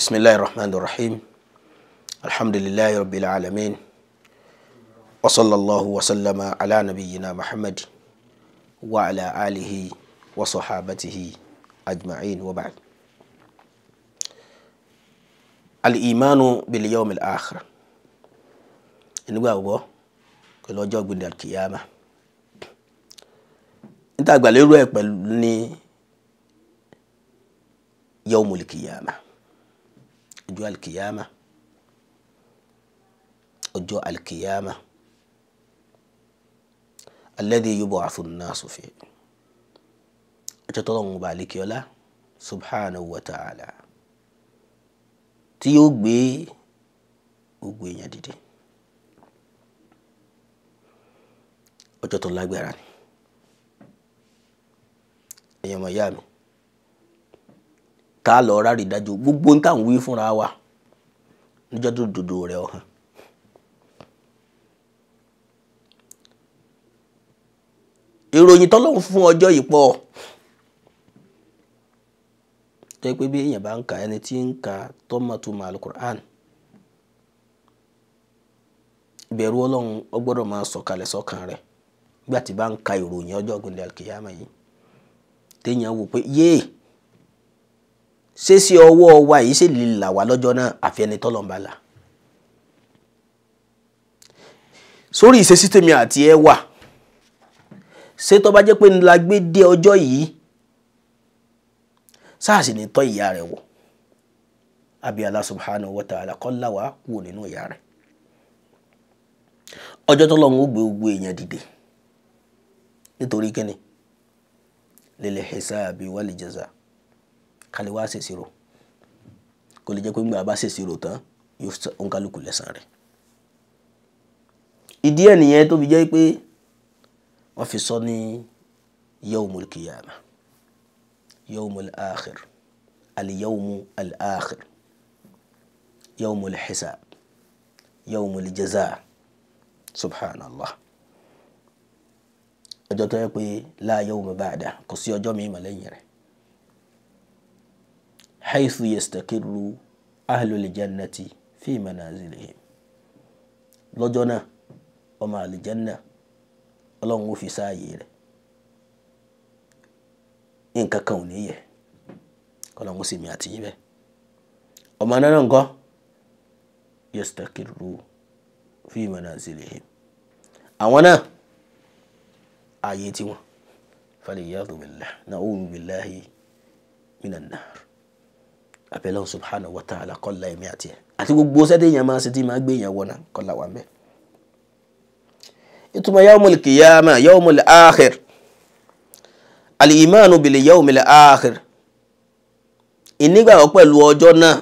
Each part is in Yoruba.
بسم الله الرحمن الرحيم الحمد لله رب العالمين وصلى الله وسلم على نبينا محمد وعلى آله وصحابته أجمعين وبعد الإيمان باليوم الآخر nígbàgbọ́ pẹ̀lú ọjọ́ gbìndé alkiyama níta àgbàlérò ẹ̀ pẹ̀lú ní yawmul kiyama ọjọ́ alkiyama ọjọ́ alkiyama alladhi yub'athu an-nasu fi ọjọ́ tọ́lọ́run ọba àlekíọ́lá subhanahu wa ta'ala tí yóò gbé gbogbo èèyàn dìde ọjọ́ tó lágbára ni èèyàn mọ̀ yá mi tá lọ rárí dájú gbogbo ń táwọn wí fúnra wa níjọ́ tó dòdò rẹ ọ̀hán. ìròyìn tọ́lọ́run fún ọjọ́ yìí pọ̀ tó yẹ pé bí èèyàn bá ń ka ẹni tí ń ka tọ́mọ̀tòmọ̀ alukur'an ìbẹ̀rù ọlọ́run ó gbọ́dọ̀ máa sọ̀kalẹ̀ sọ́kàn rẹ̀ nígbà bá ń ka ìròyìn ọjọ́ ògbóni alkiyama yìí téèyàn wò pé yéè ṣé sí ọwọ́ wa yìí ṣe lè là wá lọ́jọ́ náà àfi ẹni tọ́lọ̀ ń bá là. sórí ìṣesí tèmi àti ẹ wà ṣé tó bá jẹ́ pé ńlá gbé dé ọjọ́ yìí sáà sì ní tọ́ ìyá rẹ̀ wọ̀ àbí Allah subhanahu wa ta'ala kọ́ là wá kúrò nínú ìyá rẹ̀ ọjọ́ tó lọ́n ń gbé gbogbo èèyàn dìde nítorí kíni lil hisabi wal jaza kálí wá ṣèṣirò kò lè jẹ́ pé ńgbà bá ṣèṣirò tán yóò sọ òǹkálùkù lẹ́sàn rẹ̀ ìdí ẹ̀ nìyẹn tó fi jẹ́ pé wọ́n fi sọ ní yawmul qiyamah yawmul akhir al-yawmu al-akhir yawmul hisab yawmul jaza subhanallah ọjọ́ tó yẹ pé la yawma ba'da kò sí ọjọ́ mi mọ̀ lẹ́yìn rẹ̀ haythu yastakirru ahlul jannati fi manazilihim lọ́jọ́ náà ọmọ àlìjánná ọlọ́run ó fi sáàyè rẹ̀ nǹkan kan ò ní yẹ ọlọ́run ó sì mí àti yín bẹ́ẹ̀ ọmọ náà náà ń kọ́ yastakirru fi manazilihim àwọn náà ààyè tiwọn faliyadu billah na'udhu billahi minan nar abẹ́lẹ́ subhanahu wa ta'ala kọ́lá ẹ̀mí àti ẹ̀ àti gbogbo sẹ́dẹ̀ yẹn máa ṣe tí máa gbé yẹn wọ̀nà kọ́lá wa mẹ́. ìtumọ̀ yawmul qiyamah yawmul akhir al-imanu bil yawmil akhir ìnígbàgbọ́ pẹ̀lú ọjọ́ náà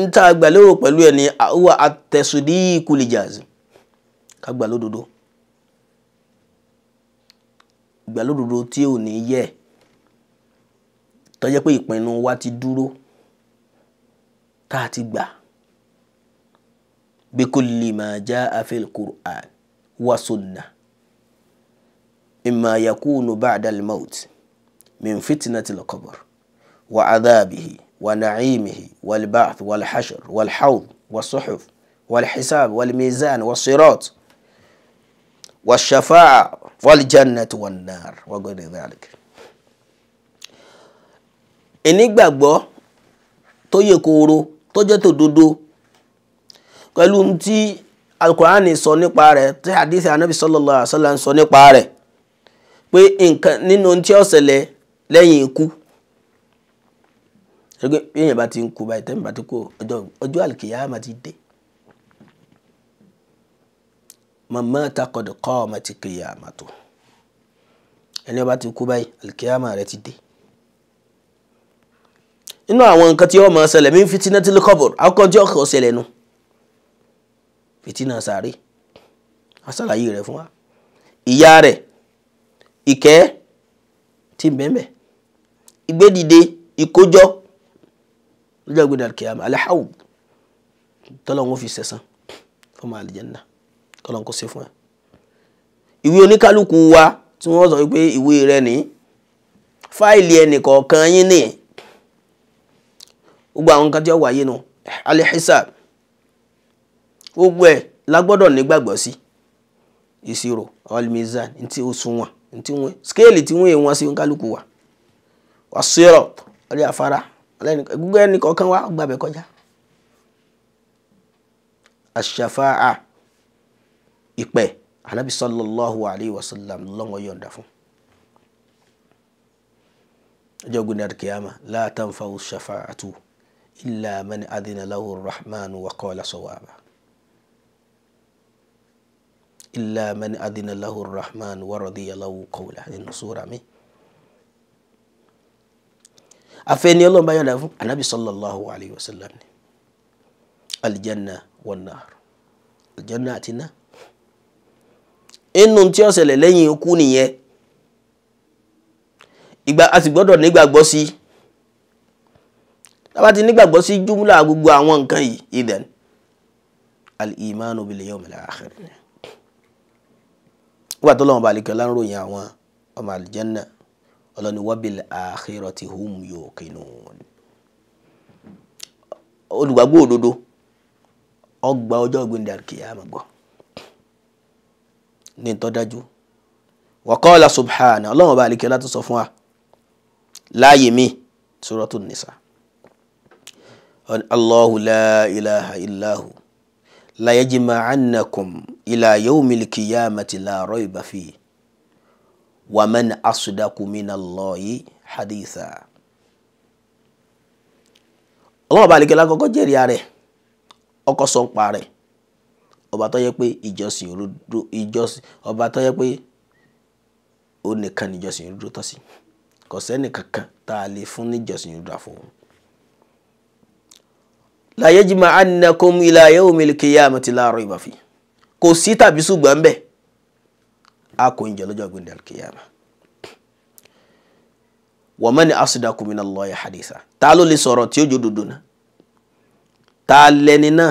ń tá a gbà lérò pẹ̀lú ẹ̀ ní àwọ̀ at-tasdiqu li tí ò ní yẹ tó pé ìpinnu wa ti dúró tá a ti gbà bí kulli ma jaa fil Qur'an wa sunnah imma yakunu ba'da al-mawt min fitnatil qabr wa adhabihi wa na'imihi wal ba'th wal hashr wal hawd wa suhuf wal hisab wal mizan wa sirat wa shafa'a wal jannati wan nar wa ghayri dhalik ìnígbàgbọ́ tó yẹ kóró tó jẹ́ tòdodo pẹ̀lú tí alukur'ani sọ nípa rẹ̀ tí anabi sọ nípa rẹ̀ pé nǹkan nínú tí ó ṣẹlẹ̀ lẹ́yìn ikú ṣùgbọ́n èèyàn bá ti ń kú báyìí tẹ́mi bá ti kú ọjọ́ àlùkìyámà ti dé ti inú àwọn nǹkan tí ó máa ṣẹlẹ̀ mí fitinà tí lókọ̀bọ̀ àkọ́kọ́ tí ọkọ̀ ṣẹlẹ̀ nu fitinà sàárè aṣàlàyé rẹ̀ fún wa ìyá rẹ̀ ìkẹ́ tí ń bẹ́ẹ̀ ìgbédìde ìkójọ lọ́jọ́ ìgbéda kìyàm aláhàwù tọ́lọ́ wọn fi sẹ̀sán fọmọ àlìjẹ́nà tọ́lọ́ kó ṣe fún ẹ ìwé oníkálukú wa tí wọ́n sọ wípé ìwé rẹ ní fáìlì ẹnì kọ̀ọ̀kan yín nìyẹn gbogbo àwọn nǹkan tí ó wáyé nu al-hisab gbogbo ẹ̀ lágbọ́dọ̀ nígbàgbọ́ sí ìṣirò al-mizan ntí òṣùwọ̀n ntí wọn skéèlì tí wọn èèwọ̀n sí kálukú wa wasirat ọdẹ afárá gbogbo ẹni kọ̀ọ̀kan wa gbàbẹ̀ kọjá aṣàfáà ìpẹ́ anabi sallallahu alayhi wa sallam lọ́wọ́ yọ̀ǹda fún ọjọ́ gbìndàdì kìyàmà la tanfa'u illa man adina lahu rahman wa qala sawaba illa man adina lahu rahman wa radiya lahu qawla nínú sura mi afẹ́ni ọlọ́run bá yọ̀dà fún anabi sallallahu alayhi wa sallam ni alijanna wan nar alijanna àti iná inú tí ó ṣẹlẹ̀ lẹ́yìn ikú nìyẹn ìgbà a sì gbọ́dọ̀ nígbàgbọ́ sí i tábà ti nígbàgbọ́ sí júmúlà gbogbo àwọn nǹkan yìí idan al-imanu bil yawmil akhir wíwà tó lọ́wọ́ balẹ̀ kẹ́lá ń ròyìn àwọn ọmọ àlìjẹ́nà ọlọ́ni wa bil akhirati hum yuqinun olùgbàgbọ́ òdodo ọgbà ọjọ́ ìgbìndà kìyàmà gbọ́ ní ìtọ́dájú wa subhana ọlọ́wọ́ balẹ̀ kẹ́lá tó sọ fún wa láàyè mi suratu nisa allahu la ilaha illahu la yajma'annakum ila yawmil qiyamati la rayba fi wa man asdaqu minallahi haditha. ọlọ́wọ́ bá àlekèlá kọ́kọ́ jẹ́rìí ara ẹ̀ ọkọ̀ sọ ń pa rẹ̀ ọba tó yẹ pé ìjọsìn òdodo ìjọsìn ọba tó yẹ pé ó nìkan níjọsìn òdodo tọ́ sí kò sẹ́nìkankan tá a lè fún níjọsìn òdodo àfọwọ́n la yajma'annakum ila yawmil qiyamati la rayba fi kò sí tàbí ṣùgbọ́n bẹ́ẹ̀ a kò ń jẹ lọ́jọ́ gbẹ̀ndẹ̀ alkiyama wa man asdaqu minallahi haditha ta ló lè sọ̀rọ̀ tí ó jẹ́ òdodo náà ta lẹni náà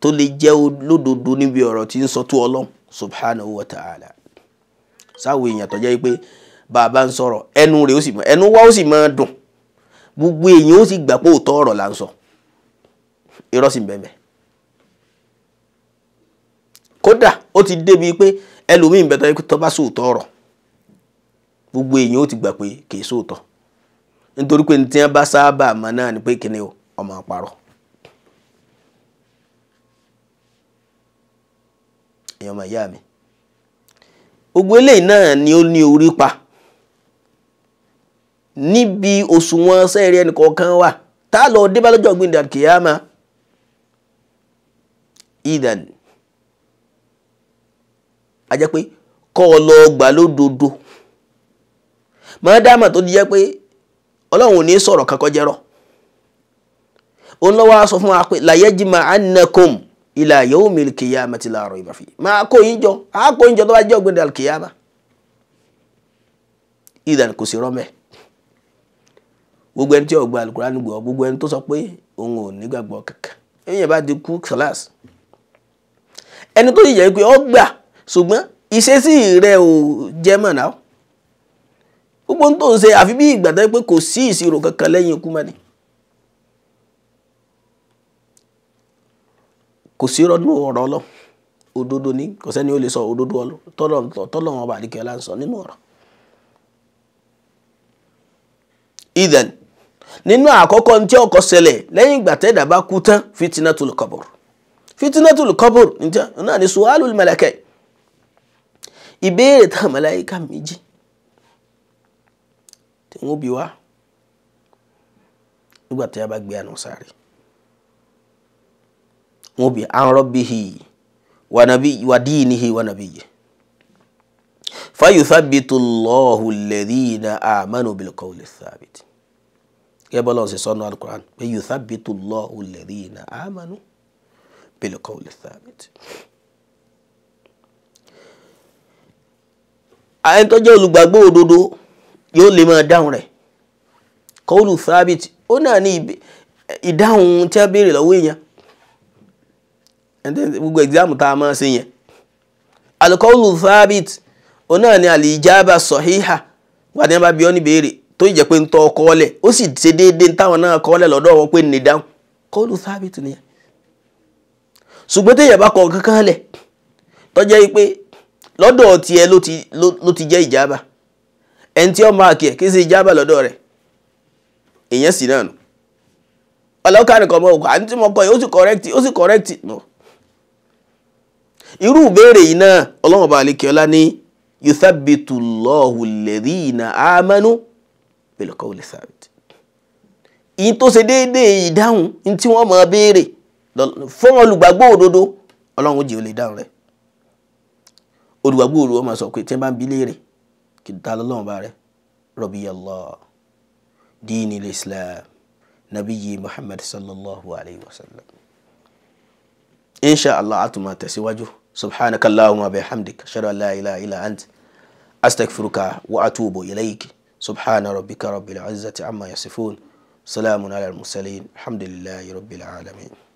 tó lè jẹ́ olódodo níbi ọ̀rọ̀ tí ń sọ tó ọlọ́run subhanahu wa ta'ala sáwọn èèyàn tó jẹ́ pé bàbá ń sọ̀rọ̀ ẹnu rẹ̀ ó sì mọ ẹnu wa ó sì mọ dùn gbogbo èèyàn ó sì gbà pé òótọ́ ọ̀rọ̀ là ń sọ. So irọ́ sì bẹ̀mẹ̀ kódà ó ti débi pé ẹlòmíín bẹ̀tọ̀ yẹ kó tọ́ bá sòótọ́ ọ̀rọ̀ gbogbo èèyàn ó ti gbà pé kì í nítorí pé tí wọ́n bá sábà mọ̀ náà ni pé kíni ọmọ àparọ́ èèyàn ọmọ ìyá mi gbogbo eléyìí náà ni ó ní orí pa níbi òṣùwọ̀n sẹ́ẹ̀rì ẹnìkọ̀ọ̀kan wà tá a lọ dé bá lọ́jọ́ gbìndàkìyàmá idan a jẹ́ pé kọ́ ọ lọ gbà lódodo mọ́dámà tó di jẹ́ pé ọlọ́run ò ní sọ̀rọ̀ kankan jẹ́rọ̀ òun lọ́wọ́ a fún wa pé layajima annakum ila yawmil qiyamati la rayba fi máa kó yín jọ á kó yín jọ tó bá jẹ́ ògbéde alkiyama idan kò sí rọ́mẹ́ gbogbo ẹni tí ó gba alukurani gbọ́ gbogbo ẹni tó sọ pé òun ò nígbàgbọ́ kankan èèyàn bá di kú kàlásì ẹni tó sì pé ọ gbà ṣùgbọ́n ìṣesí rẹ ò jẹ́ mọ̀ náà gbogbo tó ń ṣe àfi bí ìgbà tó yẹ pé kò sí ìṣirò kankan lẹ́yìn ikú mọ́ni kò sí rọ́dún ọ̀rọ̀ lọ òdodo ni kò sẹ́ni ó lè sọ òdodo tọ́lọ̀ wọn bá àdìkẹ́ ọ̀la ń sọ nínú ọ̀rọ̀ ìdẹ̀n nínú àkọ́kọ́ tí ọkọ̀ ṣẹlẹ̀ lẹ́yìn ìgbà tẹ́dà bá kú tán kọ̀bọ̀rọ̀ fitnatul qabr níjà náà ni sualul malakai ìbéèrè táwọn màláíkà méjì tí wọ́n bi wá nígbà tí a bá gbé àná sáré wọ́n bi an rabbihi wa nabi wa dinihi wa nabiyyi fayuthabitu Allahu alladhina amanu bilqawli thabit gẹ́gẹ́ bọ́lá ọ̀sẹ̀ sọ́nù alukur'an pé yuthabitu Allahu alladhina amanu. بالقول الثابت àyẹn tó jẹ́ olùgbàgbọ́ òdodo yóò lè máa dáhùn rẹ̀ kọ́ọ̀lù thabit ó náà ní ìdáhùn tí a béèrè lọ́wọ́ èèyàn gbogbo exam tá a máa ṣe yẹn alukọ́ọ̀lù thabit ó náà ní àlìjábà sọ̀híhà wà ní abábí ọ́ ní béèrè tó yẹ pé ń tọ́ ọkọ́ lẹ̀ ó sì ṣe déédéé táwọn náà kọ́ lẹ̀ lọ́dọ̀ wọn pé ní dáhùn kọ́ọ̀lù thabit nìyẹn ṣùgbọ́n téèyàn bá kọ kankan lẹ̀ tọ́jẹ́ pé lọ́dọ̀ tiẹ̀ ló ti jẹ́ ìjábà ẹni tí ó máa kí ẹ̀ kí sí ìjábà lọ́dọ̀ rẹ̀ èèyàn sì náà nù ọlọ́kàrin kan mọ́ ọkọ̀ àti tí mo kọ yìí ó sì correct ó sì correct nù irú ìbéèrè yìí náà ọlọ́run ọba àlekèọ́lá ní yuthabitu lọ́ọ̀hù lẹ́dínà àmánú pẹ̀lú kọ́wọ́lẹ̀ sábẹ̀tì ìyí tó ṣe déédéé ìdáhùn ní tí wọ́n máa béèrè fún olùgbàgbọ́ òdodo ọlọ́run jì ó lè dáhùn rẹ̀ olùgbàgbọ́ òdodo ọmọ sọ pé tí wọ́n bá ń bi léèrè kì í ta lọ́lọ́run bá rẹ̀ rọ̀bì Allah díìnì islam nabiyyi muhammad sallallahu alayhi wa sallam insha allah atuma tẹ̀síwájú subhanaka allahumma wa bihamdik ashhadu an la ilaha illa ant astaghfiruka wa atubu ilayk subhana rabbika rabbil izzati amma yasifun salamun ala al-mursalin alhamdulillahi rabbil alamin.